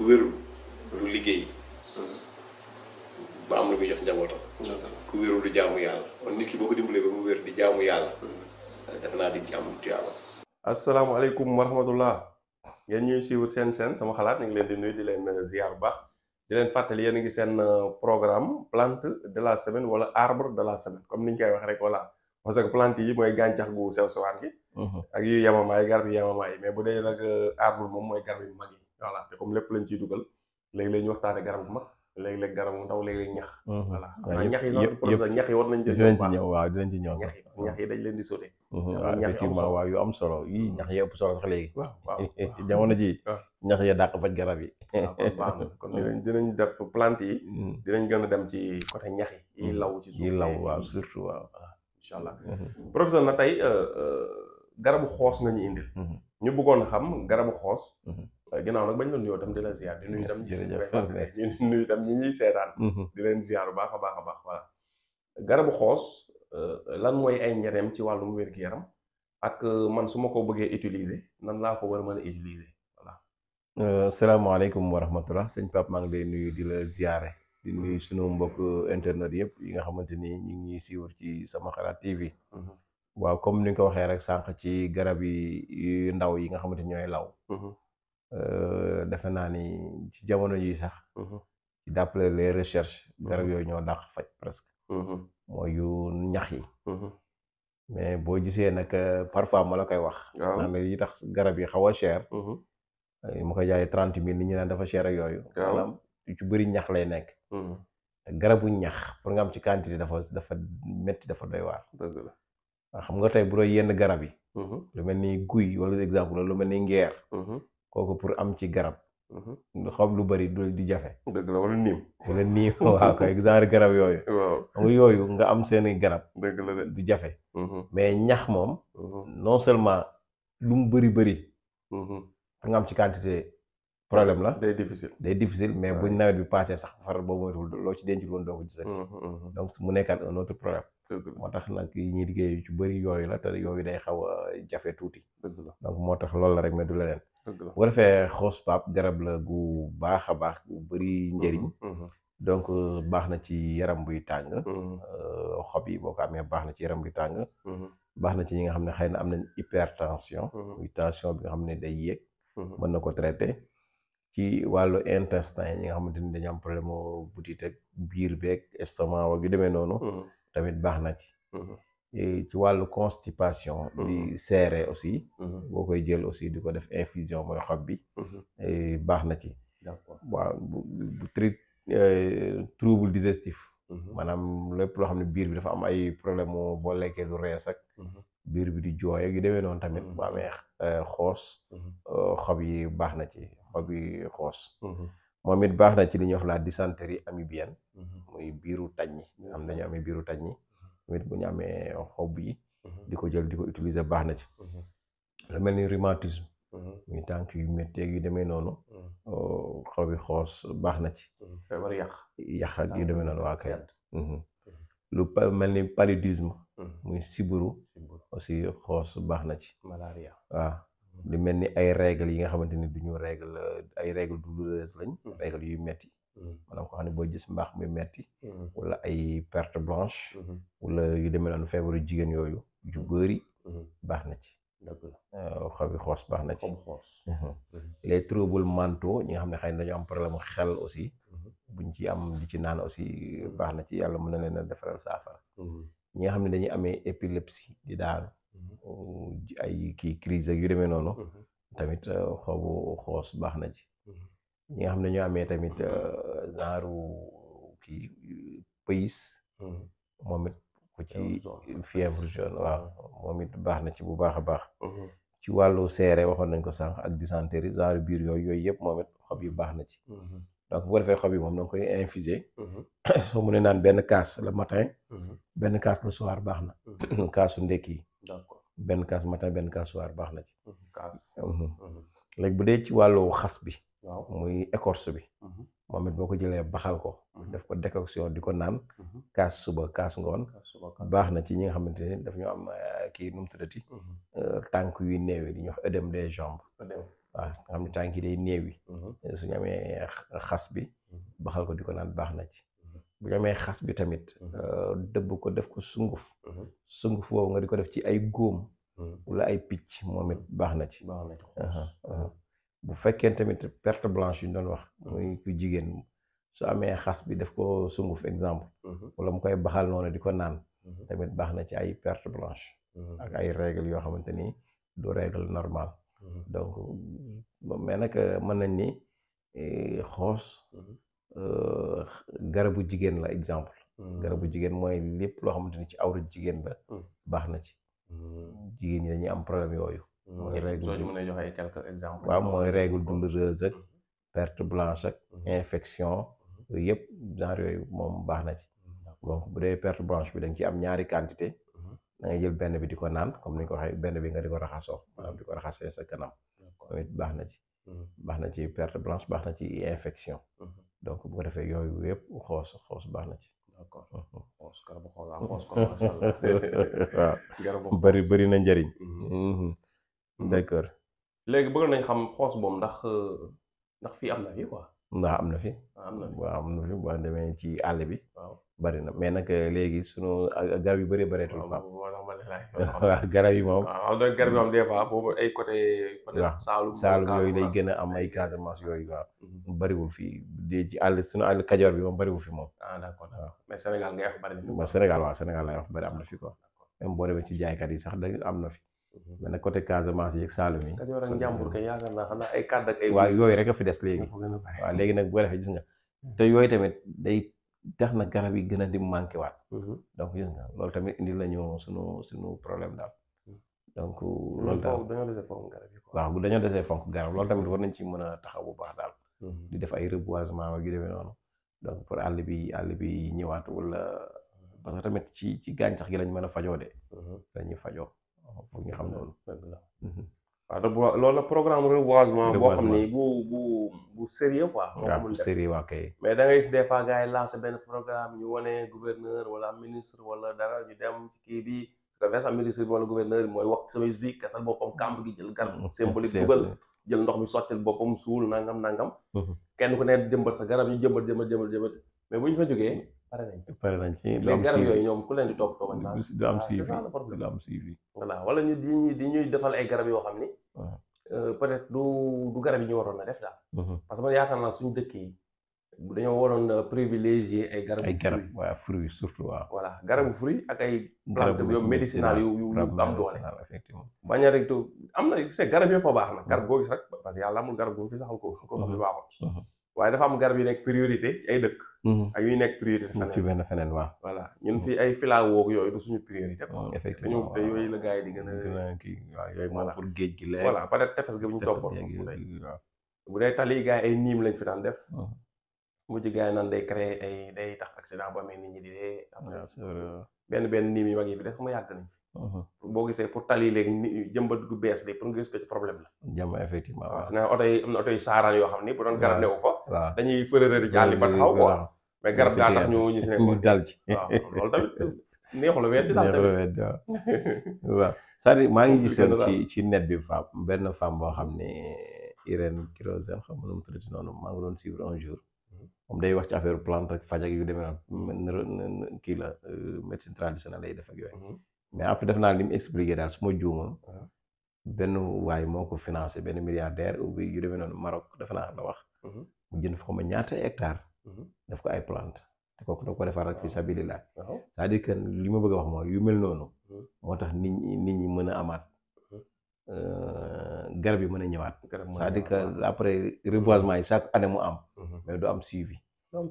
ku lu liggéey ba am lu muy jox njabootam ku wérul du jaamu yàlla kon nit ki boo ko dimbalee ba mu wér di jaamu yàlla def naa di ci tuyaaba asalaamaaleykum wa rahmatullah yéen ñuy suivre seen seen sama xalaat ñu ngi leen di nuyu di leen euh, ziar baax di leen fàttali yéen ngi seen euh, programme plante de la semaine wala arbre de la semaine comme ni ñu koy wax rek voilà parce que plante yi mooy gàncax gu sew sewaan gi mhm. ak yu yamamaay garab yu yamamaay euh, yu voilà te comme lépp lañ ciy dugal léegi-léeg ñu waxtaane garab bu mag léegi-léeg garab ndaw léeg ñax mhm. voilà ñax yi ñax yi war nañ ci dinañ ci ñëw waaw dinañ ci ñëw sax ñax yi dañ leen di sóote mhm, waaw effectivement waaw yu am solo yii mhm. ñax yi ëpp solo sax léegi waaw waaw jamono ji ñax ya dàq faj garab yi ah, baax na dinañ dinañ def plant yi dinañ gën a dem ci côté ñax yi yi law ci suuf yi waaw surtout waaw incha allah professeur na tey euh, euh, garabu xoos nga ñu indil ñu bëggoon xam garabu xoos ginnaaw nag bañ la nuyoo tam di la ziar di nuyu tam ñi nuyu tam ñi ñuy seetaan mm-hmm. di leen ziar baax a baax a baax garabu xoos euh, lan mooy ay njëriñam ci wàllum wér-gu-yaram ak euh, man su ma ko bëggee utiliser nan laa ko war a mën a utiliser voilà euh, salaamaaleykum wa rahmatullah sëñ Pape maa ngi lay nuyu di la ziare di nuyu mm-hmm. sunu mbokk internet yëpp yi nga xamante ni ñu ngi ñuy siiwal ci sama xalaat TV mm-hmm. waaw comme ni nga ko waxee rek sànq ci garab yi ndaw yi nga xamante ñooy law Euh, defe naa ni ci jamono ji sax. ci d'après les recherches. garab yooyu ñoo dàq faj presque. mooy yu ñax yi. mais boo gisee nag euh, parfois ma la koy wax. waaw naan yi tax garab yi xaw a cher. Euh, ma ko jaayee trente mille ni ñi naan dafa cher ak yooyu. maanaam ci bëri ñax lay nekk. garab bu ñax pour nga am ci quantité dafa dafa métti dafa doy waar. xam nga tey bu doon yenn garab yi. lu mel ni guy wala exemple lu mel ni ngeer. kooku pour am ci garab. Mhm. xob lu bari du di jafe. dëgg la wala niim. wala niim waaw kay genre garab yooyu. yooyu nga am seeni garab. dëgg la du jafe. Mhm. mais ñax moom. Mhm. non seulement lu mu bari bari. nga am ci quantité problème la. day difficile day difficile mais buñ nawet bi paasee sax faral boobu moytuwul loo ci denc woon doo ko gisati. donc mu nekkaat un autre problème. moo tax nag yi ñuy liggéey ci bëri yooyu la te yooyu day xaw a jafe tuuti. donc moo tax loolu la rek mais du leneen. bu ko defee pap garab la gu baax a baax gu bëri njëriñ mm-hmm, mm-hmm. donc euh, baax na ci yaram buy tàng mm-hmm. euh, xob yi boo ko amee baax na ci yaram buy tàng baax na ci ñi nga xam ne xëy na am nañ hypertension muy tension bi nga xam ne day yéeg mën na ko traité ci wàllu intestin yi ñi nga xamante ni dañ am problème butit ak biir beeg estomac ak yu demee noonu tamit baax na ci ci wàllu constipation. di mm-hmm. serré aussi. Mm-hmm. boo koy jël aussi di ko def infusion mooy xob bi. Mm-hmm. baax na ci. waaw bu tri euh, trouble maanaam lépp loo xam ne biir bi dafa am ay problème moo boo lekkee du rees ak. biir bi di jooy ak yu demee noonu tamit bu amee euh, xoos. Euh, xob yi baax na ci xob yi xoos. moom it baax na ci li ñuy wax la dysenterie amibienne. muy biiru tañ ñi nga xam dañu amee biiru tañ ñi tamit bu ñu amee xob yi. Mhm. di ko jël di ko utiliser baax na ci. Mhm. lu mel ni rhumatisme. Mhm. muy tànk yu métteeg yu demee noonu. Oh, xobi xoos baax na ci. feebar yàq. yàq ak yu ah, demee noonu waa kay. lu mel ni paludisme. muy siburu. aussi xoos baax na ci. malaria waaw. lu mel ni ay règles yi nga xamante ni du ñu règle ay règles douloureuses lañ. règles yuy metti Mm-hmm. maanaam ko xam ne booy gis mbaax muy metti mm-hmm. wala ay perte blanche mm-hmm. wala yu demee noonu feebaru jigéen yooyu yu bëri baax na ci xobi xoos baax na ci xoos les troubles ñi nga xam ne xëy na dañu am problème xel aussi buñ ci am di ci naan aussi baax na ci yàlla mën na leen defaral saafara ñi nga xam ne dañuy amee épilepsie di daal ay kii crise ak yu demee noonu tamit euh, xobu xoos baax na ci ñi nga xam ne ñoo amee tamit euh, genre kii pays hmm. moom it ku ci fièvre moom it baax na ci bu baax a baax hmm. ci wàllu seere waxoon nañ ko sànq ak dysentérie genre biir yooyu yooyu yëpp moom it xob yi baax na ci hmm. donc bu ko xob yi moom da koy infusé soo mënee naan benn kaas la matin benn kaas le soir baax na kaasu ndekki d'accord benn kaas matin benn kaas soir baax na ci kaas bu dee ci wàllu xas bi waaw muy écorce bi mhm. moom it boo ko jëlee baxal ko mhm. def ko décoction di ko naan mhm. kaas suba kaas ngoon baax na ci ñi nga xamante ni daf ñu am euh, kii nu mu euh, tànk yu néew yi di ñu wax œdème des jambes waaw nga xam ne tànk yi day néew yi euh, suñu amee xas bi baxal ko di ko naan baax na ci bu ñu amee xas bi tamit dëbb ko def ko sunguf sunguf woowu nga di ko def ci ay góom wala ay picc moom it baax na ci bu fekkee tamit perte blanche yu ñu doon wax muy mhm. ku jigéen su amee xas bi def ko sunguf exemple mhm. wala mu koy baxal noonu di ko naan mhm. tamit baax na ci ay perte blanche ak ay règle yoo xamante ni du règle normale donc mais nag euh, mën nañ ni euh, xoos euh, garabu jigéen la exemple garabu jigéen mooy lépp loo xamante ni ci awra jigéen la baax na ci jigéen ñi dañuy am problème yooyu mooy règle soo mën a joxe ay quelques exemples. waaw mooy règle douloureuse ak mhm. perte blanche ak mhm. infection mhm. yooyu yëpp genre yooyu moom baax na ci donc bu dee perte blanche bi da nga ci am ñaari quantité da ngay jël benn bi di ko naan comme ni ko waxee benn bi nga di ko raxasoo maanaam di ko raxasee sa kanam baax na ci baax na ci perte blanche baax na ci infection donc bu ko defee yooyu yëpp xoos xoos baax na ci d'accord xoos garabu xoos ah, waaw bëri bëri na njëriñ Mmh. d'accord léegi bëgg nañ xam xoos boobu ndax euh, ndax fii am na fi am na fi. Ah, am na fi ci àll bi. bari na mais nag euh, léegi sunu garab yu bëree bëreetul. waaw waaw garab yi moom. waaw donc ay côté. waaw Saalum Saalum yooyu day gën a am ay Casamance yooyu waaw. Mmh. bariwul fii dee ci àll sunu àll Kajoor bi moom fi moom. ah d'accord waaw Sénégal na fi. waaw Sénégal waaw Sénégal bari am na fi quoi. même boo demee ci jaaykat yi sax da am na fi. Mm-hmm. mel ne côté Casamance yeeg Saloum yi. Kajoor ak Njàmbur kay yaakaar ay kàdd ak waaw yooyu rek a fi des léegi. waaw léegi nag boo defee gis nga. Mm-hmm. te yooyu tamit day tax na garab yi gën a di manqué waat. Mm-hmm. donc gis nga loolu tamit indi la ñu suñu suñu problème daal. donc loolu daal dañoo desee fonk garab yi waaw dañoo desee fonk garab loolu tamit war nañ ci mën a taxaw bu baax daal. di def ay reboisement ak yu demee noonu. donc pour àll bi àll bi ñëwaat wala parce que tamit ci ci gàncax gi lañ mën a fajoo de. dañuy fajoo. waaw pour ñu xam loolu. waaw dëgg la loolu mhm. la programme reboisement boo xam ni bu bu bu sérieux quoi. moo xamul sérieux waa kay. mais da ngay gis des fois gars yi lancé benn programme ñu wane gouverneur wala ministre wala dara ñu dem ci kii bi su ko ministre bi wala gouverneur bi mooy wax semence bi kasal boppam kàmb gi jël garab symbolique dugal jël ndox mi sottil boppam suul nangam nangam. Mhm. kenn ku ne jëmbat sa garab ñu jëmbat jëmbat jëmbat mais bu ñu fa jógee. Mhm. pare nañ ci e pare nañ ci. du am garab yooyu ñoom ku leen di topp toobañ maa du am suivi du am suivi. voilà wala di ñuy defal ay e garab yoo xam ni. Eh. Eh, peut-être du du garab yi ñu waroon a def daal. parce que man yaakaar naa suñu dëkk dañoo waroon privilégier ay garabu. ay garab waaw fruits surtout waaw. voilà garabu fruits ak ay. plante yu médicinal yu yu am doole. effectivement bañ a rek tu am na c'est garab yëpp a baax na. garab goo gis parce que yàlla amul garab gu fi saxal ko ko fi baaxoon. waaye dafa am garab yi nekk priorité ci ay dëkk. Mhm. ak yu nekk priorité feneen ci benn feneen waaw. voilà ñun mhm. fii ay filaawoo yooyu du suñu priorité. Mm, effectivement dañu yooyu la gars yi di gën a. kii waaw yooyu moom pour géej gi la. voilà peut-être tefes gi bu ñu toppoon bu dee tali gars yi ay niim lañ fi daan def. Mm. mujj gars yi naan day créer ay day tax accident ba amee nit ñi di dee. benn benn niim yi mag yi fi def ma yàgg nañ fi. Uh-huh. boo gisee pour tali léegi ni jëmbat gu bees li pour nga gis ko ci problème la. jàmm effectivement waaw parce que oto yi saaraan yoo xam ni bu doon garab newu fa. waaw dañuy fërërëri jàll ba taxaw quoi. mais garab gaa tax ñu ñu si nekk ñu dal ci. waaw loolu tamit neexul weddi daal tamit maa ngi gisoon ci ci net bi femme benn femme boo xam ne Irène Kirozène xam nga nu mu tuddati noonu maa ngi doon suivre un jour. moom day wax ci affaire plante ak faj ak yu kii la euh, médecine traditionnelle lay def ak yooyu. Mhm. mais après def naa lim mu expliqué daal su ma juumoon benn waay moo ko financé benn milliardaire ubbi yu demee noonu Maroc defe naa la wax. Mhm. mu jënd fa ma ñaata hectare mhm. def ko ay plante te kooku da ko defar rek fi sabilillah c'est-à-dire que li ma bëgg a wax mooy yu mel noonu. Mhm. moo tax nit ñi nit ñi mën a amaat. Euh, garab yi mën a ñëwaat. c'est-à-dire que après reboisement yi chaque année mu am. mais du am suivi.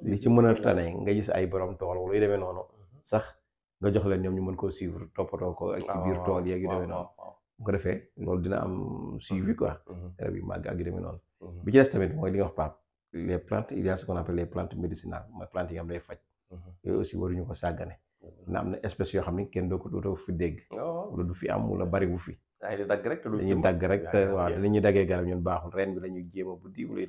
li ci mën a tane nga gis ay borom tool wala yu demee noonu sax. nga jox leen ñoom ñu mën koo suivre toppatoo ko ak ci ah, biir tool yeeg yu demee noonu bu ko defee loolu dina am suivi quoi garab mm-hmm, mm-hmm. màgg ak yu demee noonu mm-hmm. bi ci des mooy li wax Pape les plantes il y a ce qu'on appelle les plantes médicinales mooy ko sàggane na am na espèce yoo xam ni kenn doo ko dootoo fi dégg oh. wala du fi am wala bari wu fi dañuy dagg rek waaw li ñuy daggee garab ñun baaxul ren bi ñuy jéem a buddi wala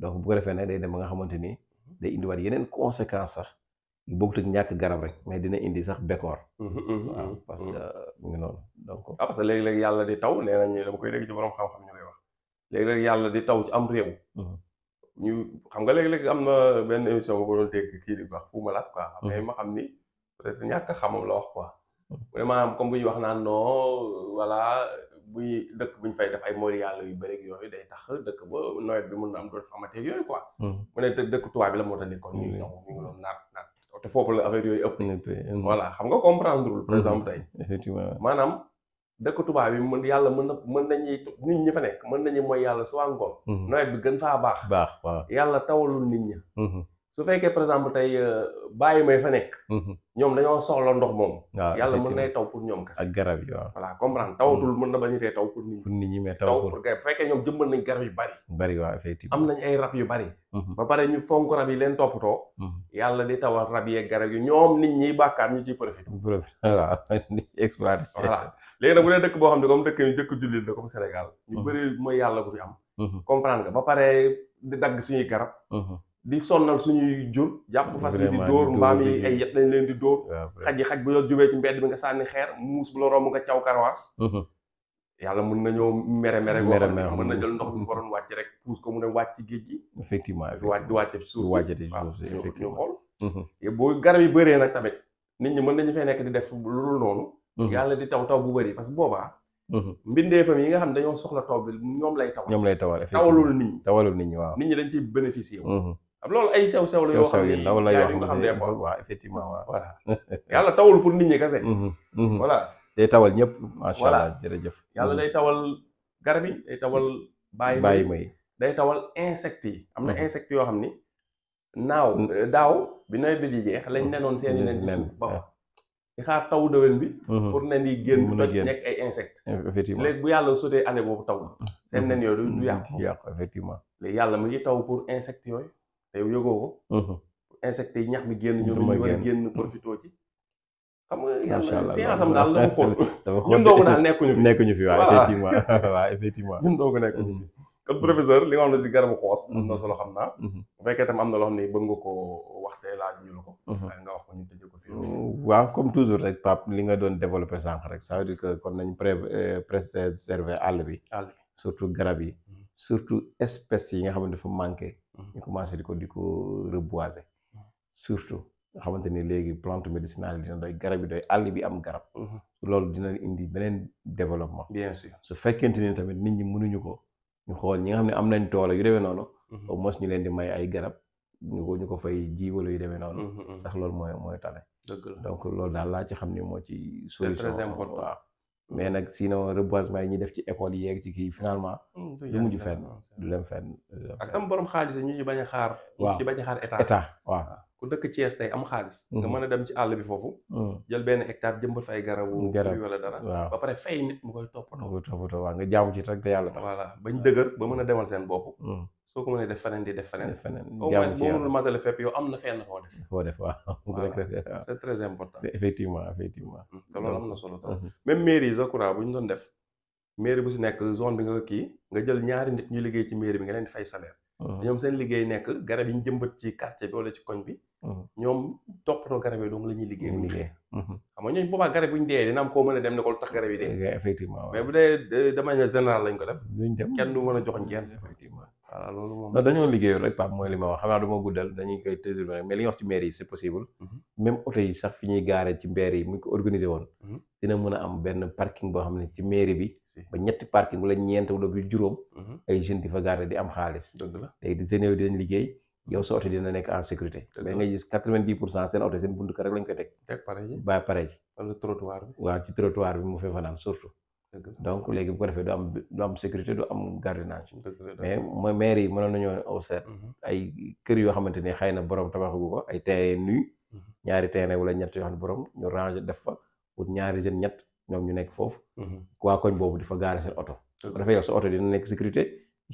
yu bu ko defee nag day dem ba nga xamante ni day indiwaat yeneen conséquence sax bokkut ak ñàkk garab rek mais dina indi sax bekkoor mhm, mhm, waaw mhm, parce que mu ngi noonu donc ah que léegi-léegi yàlla di taw nee nañ dama koy dégg ci borom xam-xam ñu koy wax léegi yàlla di taw am réew ñu xam nga léegi-léegi am na benn émission boo ko doon dégg kii di wax fu ma laaj quoi mais ma xam ni peut-être ñàkk xamam la wax quoi vraiment comme bu ñu wax naan non voilà buy dëkk bu ñu fay def ay mori yàlla yu bëri yooyu day tax dëkk ba nawet bi mun na am doon xamante mu ne dëkk tubaab bi la moo tax ni kon ñu ngi doon naat naat te foofu la affaire yooyu ëpp. voilà xam nga comprendre par exemple tey. Mm-hmm. effectivement maanaam dëkk tubaab yi mën yàlla mën na mën nañuy nit ñi fa nekk mën nañu mooy yàlla su waa ngoon. Mm-hmm. nawet bi gën faa baax. baax waaw yàlla tawalul nit ñi. Mm-hmm. su fekkee par exemple tey euh, bàyyi may fa nekk. Mhm. ñoom dañoo soxla ndox moom. waaw yàlla mën nay taw pour ñoom kese. ak garab yi waaw. voilà comprendre tawatul mhm. mën na ñu a taw pour nit ñi. pour nit ñi mais taw pour garab bu fekkee ñoom jëmbal nañ garab yu bari. bari waaw effectivement am nañ ay rab yu bari. Mhm. ba pare ñu fonk rab yi leen toppatoo. yàlla di tawal rab yeeg garab yi ñoom nit ñi bàkkaar ñu ciy profité. profité waaw exploité. voilà léegi nag bu dee dëkk boo xam ne comme dëkk yu dëkk jullit la comme Sénégal. ñu bëri mooy yàlla bu fi am. comprendre nga ba pare di dagg suñuy garab di sonnal suñuy jur jàpp fas yi di dóor mbaam yi ay yet dañ leen di dóor xaj yi xaj bu la jubee bi nga sànni xeer muus bu la romb nga caw karawaas mhm. yàlla mën na ñëw mere mere goo na jël nekk di def lu dul noonu mhm. yàlla di taw taw bu bëri parce que boobaa mhm. mbindeefam yi nga xam ne dañoo soxla taw bi ñoom lay tawal tawalul nit tawalul nit waaw nit ñi dañ ciy bénéficier loolu ay sew sew la yoo xam ne ndaw la yoo xam ne waaw effectivement waaw voilà yàlla tawul pour nit ñi kese mhm, mhm. voilà day tawal ñëpp macha allah jërëjëf yàlla mhm. day tawal garab yi day tawal bàyyi bàyyi may day tawal insectes yi am na insectes yoo xam ni naaw euh, daaw bi nawet bi di jeex lañ nenoon seeni nen ci suuf ba fa di xaar taw dëwén bi pour nen yi génn bu toj nekk ay insectes effectivement léegi bu yàlla sotee année boobu taw seen nen yooyu du yàqu yàqu effectivement léegi yàlla mu ngi taw pour insectes yooyu te yow yëgoo ko. Mhm. insectes yi ñax mi génn ñoom ñu war a génn profité ci. xam nga yàlla science am daal la nekkuñu fi nekkuñu fi waaw effectivement waaw effectivement ñun nekkuñu fi mhm. si garabu xoos am na mhm. solo xam naa am na loo xam ne nga ko waxte laaj ñu ko nga wax ko ñu ko fi oh, waaw comme toujours rek Pape li nga doon développé sànq rek sa veut dire que kon nañ pré euh, préserver àll bi surtout garab yi surtout espèces yi nga xam ne dafa manqué ñu commencé di ko di ko reboiser. surtout nga xamante ni léegi plante médicinale dina doy garab yi doy àll bi am garab. Mhm. loolu dina indi beneen développement. bien sûr su fekkente ni tamit nit ñi mënuñu ko ñu xool ñi nga xam ne am nañ tool yu demee noonu. Mhm. au moins ñu leen di may ay garab. ñu ko ñu ko fay ji wala yu demee noonu. Mhm, sax loolu mooy mooy tane. dëgg donc loolu daal laa ci xam ni moo ci. solution c'est très important waaw. mais nag sinon reboisement yi ñuy def ci école yi yeeg ci kii finalement. Hmm, du mujj fenn du dem fenn. ak am borom xaalis ñu ci bañ a xaar. waaw ñu bañ a xaar état état waaw. ku dëkk Thiès tey am xaalis. nga mhm. mën a dem ci àll bi foofu. Hmm. jël benn hectare jëmbat fa ay garabu. garab wala dara. waaw ba pare fay nit mu koy toppatoo. mu koy toppatoo waaw nga jaamu ci rek te yàlla tax. voilà bañ dëgër ba mën a demal seen bopp. Hmm. soo ko mënee def feneen di def feneen. feneen au moins boo mënul matale fépp yow am na def. foo def waaw. c'est très mm-hmm. mm-hmm. def mairie bu si nekk zone bi nga kii nga jël ñaari nit ñu liggéey ci mairie bi nga leen di mm-hmm. ñoom seen liggéey nekk garab yi ñu ci quartier bi wala ci koñ bi. ñoom toppatoo garab yi donc la liggéey. xam nga ñooñu boobaa garab yi ñu dee dina koo mën a dem ne ko lu tax garab yi dee. Eh, mais bu dee de manière générale ko def. kenn du mën voilà loolu moom. non dañoo liggéeyul rek Pape mooy li ma wax xam naa du ma guddal dañuy koy toujours gaaree ci mbeer yi mhm. mu ko organisé woon. Mhm. dina mën a am benn parking boo xam ne ci mairie bi. ba ñetti ñeent wala bu juróom. Mhm. ay jeunes di fa gaaree di am xaalis. dëgg la léegi di jeunes yooyu dinañ liggéey. yow sa oto dina nekk en sécurité. mais nga gis quatre koy teg. teg pare bi. waaw ci trottoir bi mu fee fanaan surtout. donc léegi bu ko defee du am du am sécurité du am gardiennage mais mooy maire yi mënoon nañoo aw seet mhm. ay kër yoo xamante ni xëy na borom tabaxagu ko ay terrain nuy mhm. ñaari terrain wala ñett yoo xam ne borom ñu ranger def fa pour ñaari jeunes ñett ñoom ñu nekk foofu mhm. waa koñ boobu di fa gaare seen oto bu defee yow sa oto dina nekk sécurité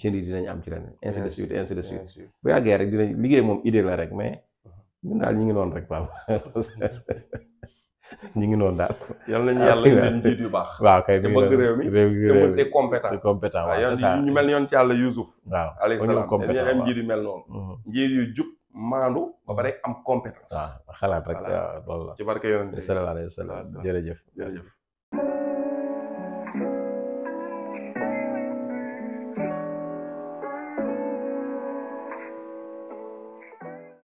jeunes yi dinañ am ci leneen ainsi de suite ainsi de suite rek dinañ liggéey moom idée la rek mais ñun daal ñu ngi noonu rek baax ñu ngi noonu daal. yal nañu yàlla njiit yu baax. waaw kay te bëgg réew mi te mu te compétent. te compétent waaw c'est ça ñu mel ni yoon ci yàlla Youssouf. waaw alayhi salaam dañuy am njiit yu mel noonu. Mm-hmm. njiit yu jub maandu ba pare am compétence. waaw xalaat rek waaw ci barke yoon bi sallallahu alayhi wa sallam jërëjëf. jërëjëf.